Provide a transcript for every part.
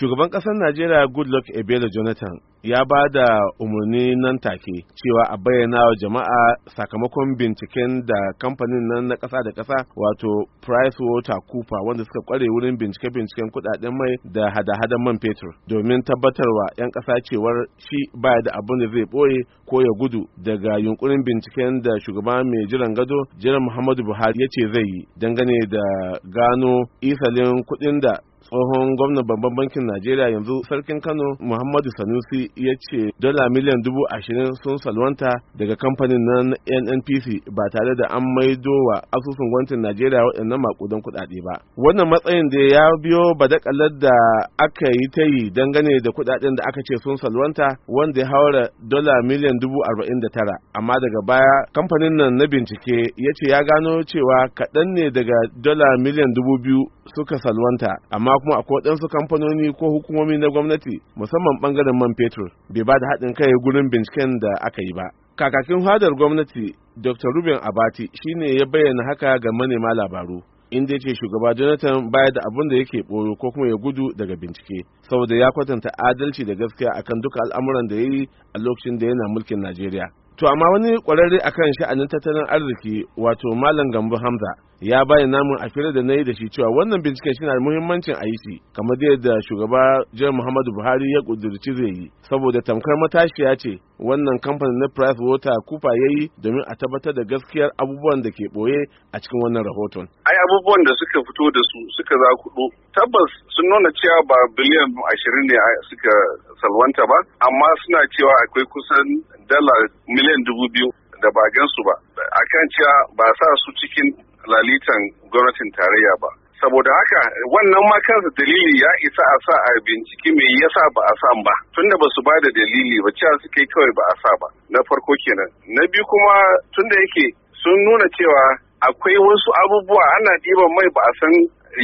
shugaban ƙasar najeriya goodluck ebele jonathan ya ba da umarni nan take cewa a bayyana wa jama'a sakamakon binciken da kamfanin nan na ƙasa da ƙasa wato price water cooper wanda suka kware wurin bincike binciken kudaden mai da hada-hadan man fetur domin tabbatarwa 'yan ƙasa cewar shi baya da abin da zai ɓoye ko ya gudu daga yunkurin binciken da shugaba mai jiran gado jiran muhammadu buhari ya ce zai yi dangane da gano isalin kuɗin da tsohon gwamnan babban bankin najeriya yanzu sarkin kano muhammadu sanusi ya ce dala miliyan dubu ashirin sun salwanta daga kamfanin na nnpc ba tare da an maido wa asusun gwamnatin najeriya waɗannan makudan kuɗaɗe ba wannan matsayin da ya biyo badakalar da aka yi ta yi dangane da kuɗaɗen da aka ce sun salwanta wanda ya haura dala miliyan dubu arba'in da tara amma daga baya kamfanin nan na bincike ya ce ya gano cewa kaɗan ne daga dala miliyan dubu biyu suka salwanta amma amma kuma akwai waɗansu kamfanoni ko hukumomi na gwamnati musamman bangaren man fetur bai ba da haɗin kai gurin binciken da aka yi ba kakakin hadar gwamnati dr ruben abati shine ya bayyana haka ga manema labaru inda ya ce shugaba jonathan baya da abin da yake ɓoyo ko kuma ya gudu daga bincike saboda ya kwatanta adalci da gaskiya akan duka al'amuran da ya yi a lokacin da yana mulkin najeriya to amma wani kwararre akan sha'anin tattalin arziki wato malam gambo hamza ya bayyana namun a fira da na yi da shi cewa wannan binciken shi na da muhimmancin a yi shi kamar yadda shugaba jihar muhammadu buhari ya kudurci zai yi saboda tamkar matashiya ce wannan kamfanin na price water kufa ya yi domin a tabbatar da gaskiyar abubuwan da ke boye a cikin wannan rahoton ai abubuwan da suka fito da su suka za kudu tabbas sun nuna cewa ba biliyan ashirin ne suka salwanta ba amma suna cewa akwai kusan dala miliyan dubu biyu da ba ba akan cewa ba sa su halittar gwamnatin tarayya ba saboda haka wannan ma kansa dalili ya isa a sa a bincike mai yasa ba a sa ba tunda ba su ba da dalili ba cewa suke kawai ba a sa ba na farko kenan na biyu kuma tunda yake sun nuna cewa akwai wasu abubuwa ana ɗiban mai ba a san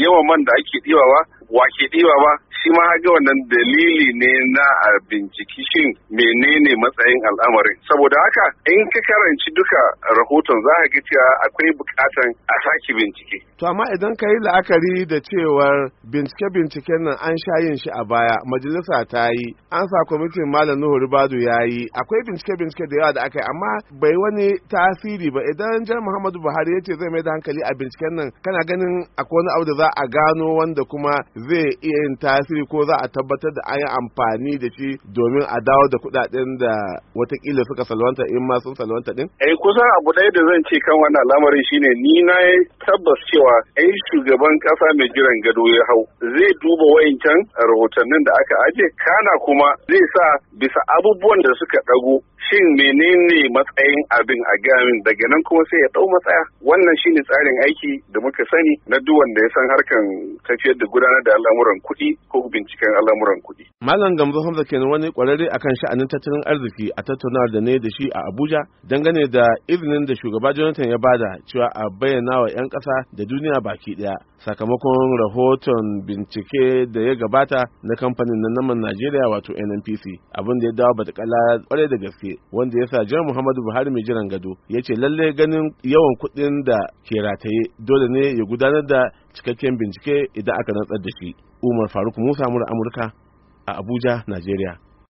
yawan man da ake diba ba wa ke diba ba shi ma ga wannan dalili ne na a binciki shin menene matsayin al'amarin saboda haka in ka karanci duka rahoton za ka ga akwai bukatan a saki bincike to amma idan ka yi la'akari da cewar bincike-binciken nan an sha yin shi a baya majalisa ta yi an sa kwamitin malam nuhu ribadu ya yi akwai bincike-bincike da yawa da aka yi amma bai wani tasiri ba idan jan muhammadu buhari ya ce zai mai da hankali a binciken nan kana ganin akwai wani abu da za a gano wanda kuma zai iya yin tasiri ko za a tabbatar da an yi amfani da shi domin a dawo da kuɗaɗen da watakila suka salwanta in ma sun salwanta din? Eh kusan abu ɗaya da zan ce kan wannan lamarin shine ni na tabbas cewa ɗan shugaban ƙasa mai jiran gado ya hau zai duba wayancan rahotannin da aka aje kana kuma zai sa bisa abubuwan da suka ɗago shin menene matsayin abin a gamin daga nan kuma sai ya ɗau matsaya wannan shine tsarin aiki da muka sani na duk wanda ya san harkan tafiyar da gudanar da al'amuran kuɗi ko binciken al'amuran kuɗi. Malam Gambo Hamza kenan wani kwararre akan sha'anin tattalin arziki a tattaunawar da ne da shi a Abuja dangane da izinin da shugaba Jonathan ya bada cewa a bayyana wa 'yan ƙasa da duniya baki ɗaya sakamakon rahoton bincike da ya gabata na kamfanin na naman Najeriya wato NNPC abin da ya dawo bata batakala kware da gaske wanda ya sa Jan Muhammadu Buhari mai jiran gado ya ce lallai ganin yawan kuɗin da ke rataye dole ne ya gudanar da cikakken bincike idan aka rantsar da shi umar faruk musa mura amurka a abuja najeriya